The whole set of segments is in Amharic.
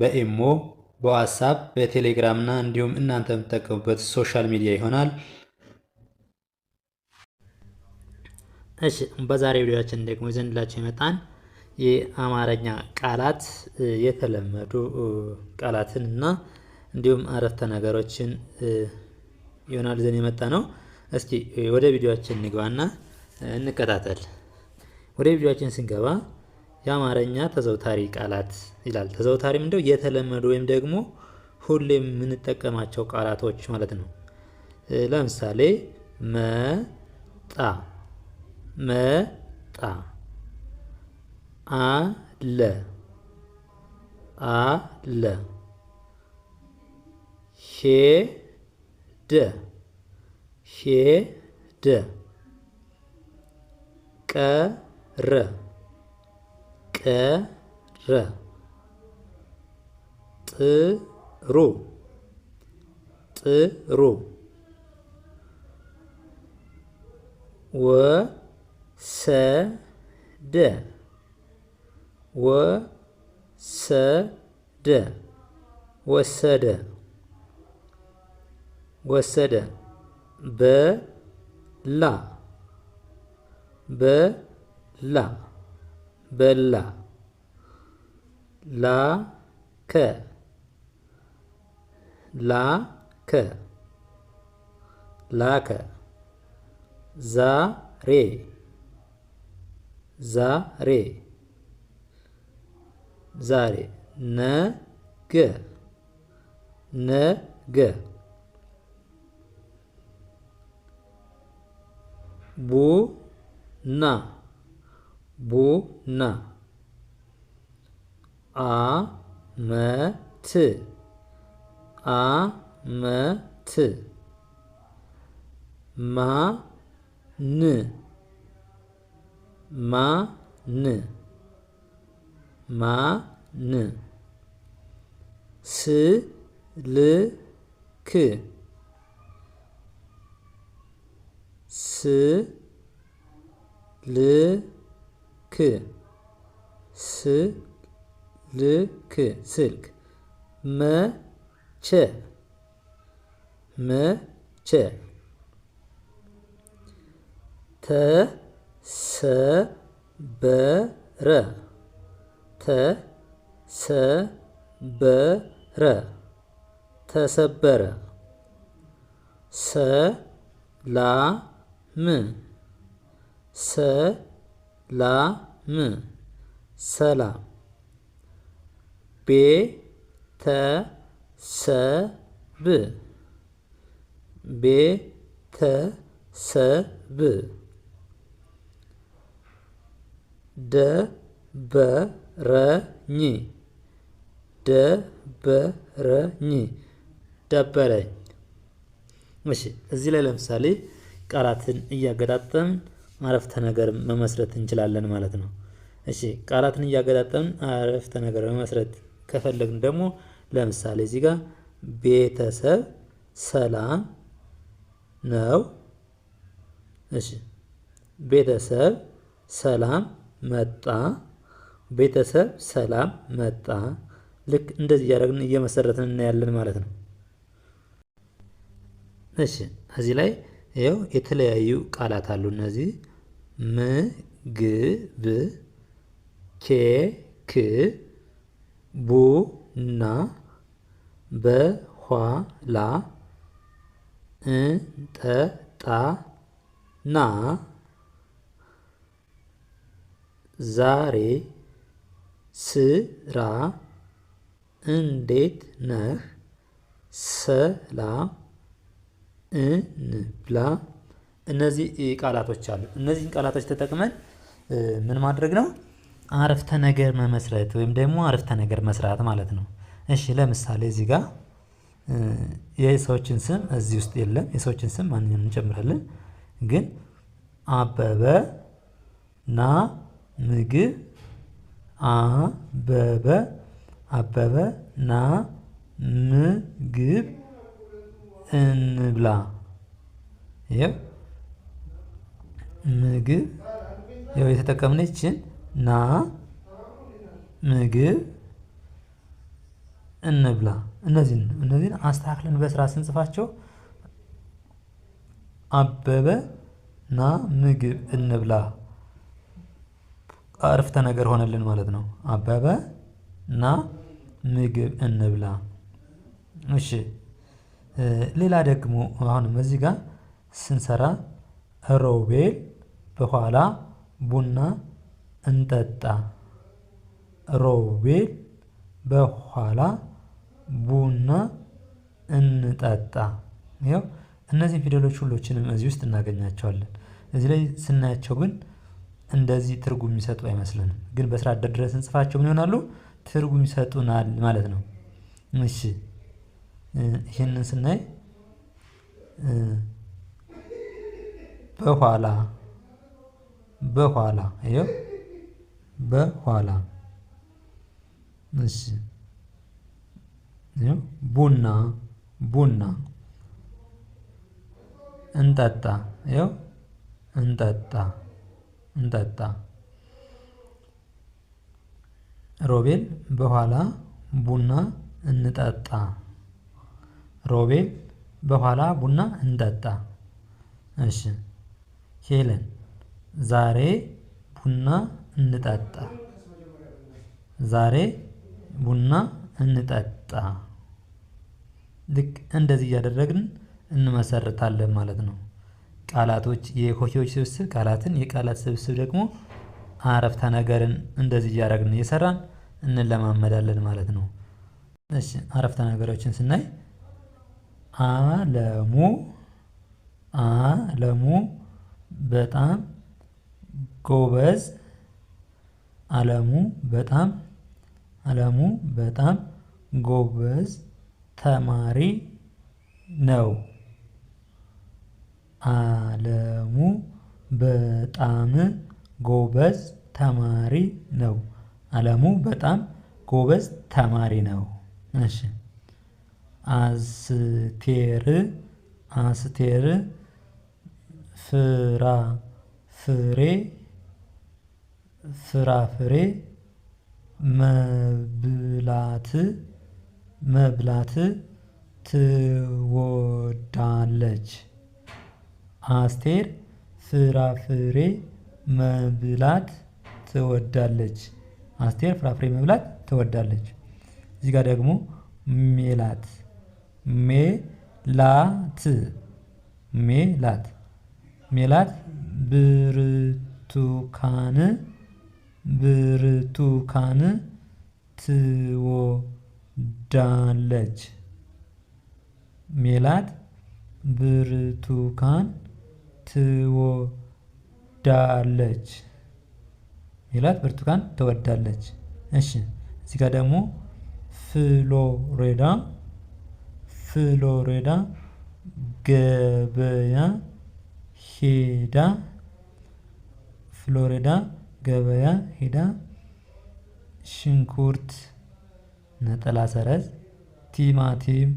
በኤሞ በዋትሳፕ በቴሌግራም እና እንዲሁም እናንተ የምትጠቀሙበት ሶሻል ሚዲያ ይሆናል። እሺ በዛሬ ቪዲዮችን ደግሞ ይዘንላቸው የመጣን የአማርኛ ቃላት የተለመዱ ቃላትን እና እንዲሁም አረፍተ ነገሮችን ይሆናል ይዘን የመጣ ነው። እስኪ ወደ ቪዲዮችን እንግባና እንከታተል። ወደ ቪዲዮችን ስንገባ የአማርኛ ተዘውታሪ ቃላት ይላል። ተዘውታሪ ምንድነው? የተለመዱ ወይም ደግሞ ሁሌ የምንጠቀማቸው ቃላቶች ማለት ነው። ለምሳሌ መጣ፣ መጣ፣ አለ፣ አለ፣ ሄደ፣ ሄደ፣ ቀረ كر طرو طرو و س د و س د و وسد وسد ب لا ب لا በላ ላከ ላከ ላከ ዛሬ ዛሬ ዛሬ ነገ ነገ ቡና ቡና አመት አመት ማን ማን ማን ስልክ ስልክ ስልክ ስልክ መቼ መቼ ተሰበረ ተሰበረ ተሰበረ ሰላም ሰላም ም ሰላም ቤተሰብ ቤተሰብ ደበረኝ ደበረኝ ደበረኝ። እሺ እዚህ ላይ ለምሳሌ ቃላትን እያገጣጠም አረፍተ ነገር መመስረት እንችላለን ማለት ነው። እሺ ቃላትን እያገጣጠምን አረፍተ ነገር መመስረት ከፈለግን ደግሞ ለምሳሌ እዚህ ጋር ቤተሰብ ሰላም ነው። እሺ ቤተሰብ ሰላም መጣ። ቤተሰብ ሰላም መጣ። ልክ እንደዚህ እያደረግን እየመሰረትን እናያለን ማለት ነው። እሺ እዚህ ላይ ይኸው የተለያዩ ቃላት አሉ። እነዚህ ምግብ ኬክ ቡና በኋላ እንጠጣና ዛሬ ስራ እንዴት ነህ? ሰላም እንብላ። እነዚህ ቃላቶች አሉ። እነዚህን ቃላቶች ተጠቅመን ምን ማድረግ ነው አረፍተ ነገር መመስረት ወይም ደግሞ አረፍተ ነገር መስራት ማለት ነው። እሺ ለምሳሌ እዚህ ጋር የሰዎችን ስም እዚህ ውስጥ የለም። የሰዎችን ስም ማንኛውም እንጨምራለን። ግን አበበ ና ምግብ አበበ አበበ ና ምግብ እንብላ ምግብ ያው የተጠቀምነችን ና ምግብ እንብላ። እነዚህን እነዚህን አስተካክለን በስራ ስንጽፋቸው አበበ ና ምግብ እንብላ አርፍተ ነገር ሆነልን ማለት ነው። አበበ ና ምግብ እንብላ። እሺ ሌላ ደግሞ አሁንም እዚህ ጋር ስንሰራ ሮቤል በኋላ ቡና እንጠጣ። ሮቤል በኋላ ቡና እንጠጣ። ይኸው እነዚህ ፊደሎች ሁሎችንም እዚህ ውስጥ እናገኛቸዋለን። እዚህ ላይ ስናያቸው ግን እንደዚህ ትርጉም የሚሰጡ አይመስልንም። ግን በስራ አደር ድረስ እንጽፋቸው ምን ይሆናሉ? ትርጉም ይሰጡናል ማለት ነው። እሺ ይህንን ስናይ በኋላ በኋላ ይኸው በኋላ እሺ ቡና ቡና እንጠጣ ይኸው እንጠጣ እንጠጣ ሮቤል በኋላ ቡና እንጠጣ ሮቤል በኋላ ቡና እንጠጣ እሺ ሄለን ዛሬ ቡና እንጠጣ። ዛሬ ቡና እንጠጣ። ልክ እንደዚህ እያደረግን እንመሰርታለን ማለት ነው። ቃላቶች የኮቴዎች ስብስብ ቃላትን፣ የቃላት ስብስብ ደግሞ አረፍተ ነገርን እንደዚህ እያደረግን እየሰራን እንለማመዳለን ማለት ነው። እሺ አረፍተ ነገሮችን ስናይ አለሙ አለሙ በጣም ጎበዝ አለሙ በጣም አለሙ በጣም ጎበዝ ተማሪ ነው። አለሙ በጣም ጎበዝ ተማሪ ነው። አለሙ በጣም ጎበዝ ተማሪ ነው። እሺ አስቴር አስቴር ፍሬ ፍራፍሬ መብላት መብላት ትወዳለች። አስቴር ፍራፍሬ መብላት ትወዳለች። አስቴር ፍራፍሬ መብላት ትወዳለች። እዚህ ጋር ደግሞ ሜላት ሜላት ሜላት ሜላት ብርቱካን ብርቱካን ትወዳለች። ሜላት ብርቱካን ትወዳለች። ሜላት ብርቱካን ትወዳለች። እሺ እዚህ ጋር ደግሞ ፍሎሬዳ ፍሎሬዳ ገበያ ሄዳ ፍሎሬዳ ገበያ ሄዳ ሽንኩርት፣ ነጠላ ሰረዝ፣ ቲማቲም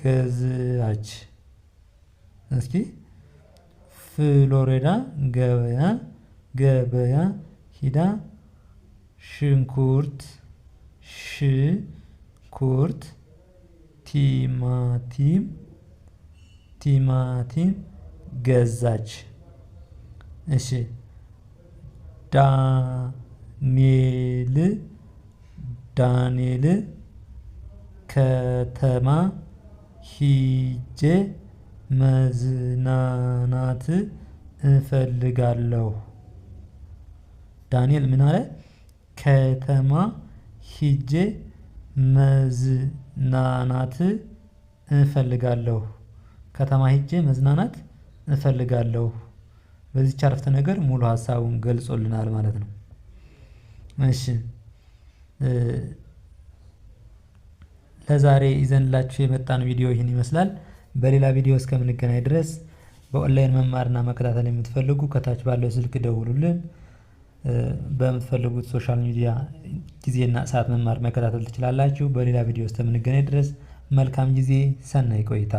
ገዛች። እስኪ ፍሎሪዳ ገበያ ገበያ ሂዳ ሽንኩርት ሽንኩርት ቲማቲም ቲማቲም ገዛች። እሺ ዳንኤል ዳንኤል ከተማ ሂጄ መዝናናት እፈልጋለሁ። ዳንኤል ምን አለ? ከተማ ሂጄ መዝናናት እፈልጋለሁ። ከተማ ሂጄ መዝናናት እፈልጋለሁ በዚች አረፍተ ነገር ሙሉ ሀሳቡን ገልጾልናል ማለት ነው። እሺ ለዛሬ ይዘንላችሁ የመጣን ቪዲዮ ይህን ይመስላል። በሌላ ቪዲዮ እስከምንገናኝ ድረስ በኦንላይን መማርና መከታተል የምትፈልጉ ከታች ባለው ስልክ ደውሉልን። በምትፈልጉት ሶሻል ሚዲያ ጊዜና ሰዓት መማር መከታተል ትችላላችሁ። በሌላ ቪዲዮ እስከምንገናኝ ድረስ መልካም ጊዜ፣ ሰናይ ቆይታ